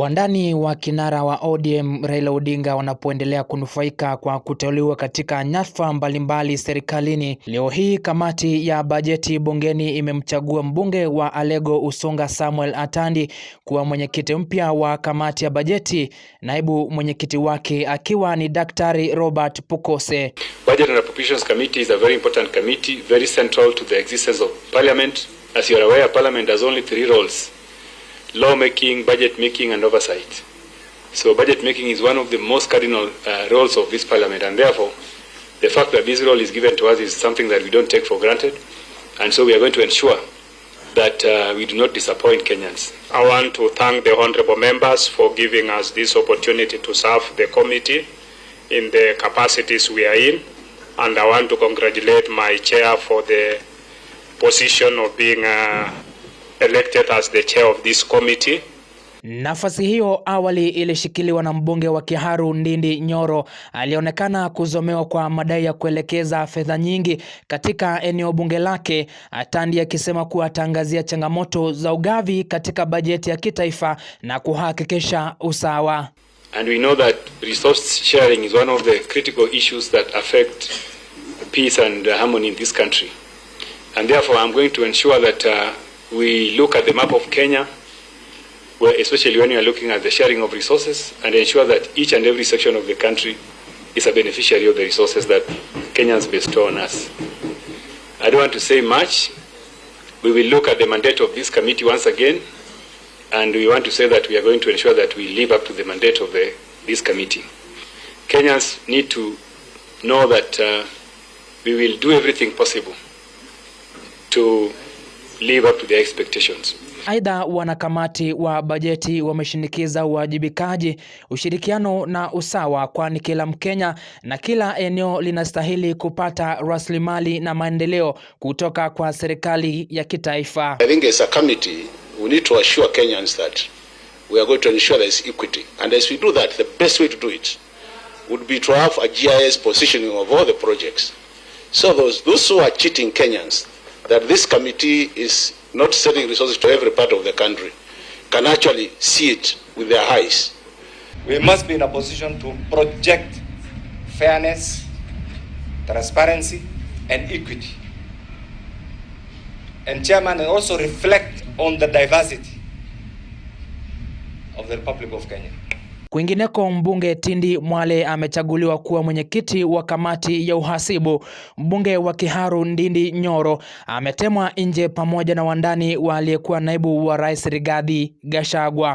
Wandani wa kinara wa ODM Raila Odinga wanapoendelea kunufaika kwa kuteuliwa katika nyadhifa mbalimbali serikalini, leo hii kamati ya bajeti bungeni imemchagua mbunge wa Alego Usunga Samuel Atandi kuwa mwenyekiti mpya wa kamati ya bajeti, naibu mwenyekiti wake akiwa ni Daktari Robert Pukose. Budget and Appropriations Committee is a very important committee, very central to the existence of parliament. As you are aware, parliament has only three roles law making, budget making and oversight. So budget making is one of the most cardinal uh, roles of this parliament and therefore the fact that this role is given to us is something that we don't take for granted and so we are going to ensure that uh, we do not disappoint Kenyans. I want to thank the honorable members for giving us this opportunity to serve the committee in the capacities we are in and I want to congratulate my chair for the position of being uh, elected as the chair of this committee. Nafasi hiyo awali ilishikiliwa na mbunge wa Kiharu Ndindi Nyoro alionekana kuzomewa kwa madai ya kuelekeza fedha nyingi katika eneo bunge lake, Atandi akisema kuwa ataangazia changamoto za ugavi katika bajeti ya kitaifa na kuhakikisha usawa. And we know that resource sharing is one of the critical issues that affect peace and harmony in this country. And therefore I'm going to ensure that uh, we look at the map of Kenya, where especially when you are looking at the sharing of resources and ensure that each and every section of the country is a beneficiary of the resources that Kenyans bestow on us. I don't want to say much. We will look at the mandate of this committee once again, and we want to say that we are going to ensure that we live up to the mandate of the, this committee. Kenyans need to know that uh, we will do everything possible to live up to their expectations. Aidha, wanakamati wa bajeti wameshinikiza uwajibikaji, ushirikiano na usawa, kwani kila Mkenya na kila eneo linastahili kupata rasilimali na maendeleo kutoka kwa serikali ya kitaifa. I think as a committee we need to assure Kenyans that we are going to ensure there is equity and as we do that the best way to do it would be to have a GIS positioning of all the projects so those, those who are cheating Kenyans that this committee is not sending resources to every part of the country can actually see it with their eyes. We must be in a position to project fairness, transparency, and equity. And chairman, also reflect on the diversity of the Republic of Kenya. Kwingineko, mbunge Tindi Mwale amechaguliwa kuwa mwenyekiti wa kamati ya uhasibu. Mbunge wa Kiharu Ndindi Nyoro ametemwa nje pamoja na wandani wa aliyekuwa naibu wa rais Rigathi Gachagua.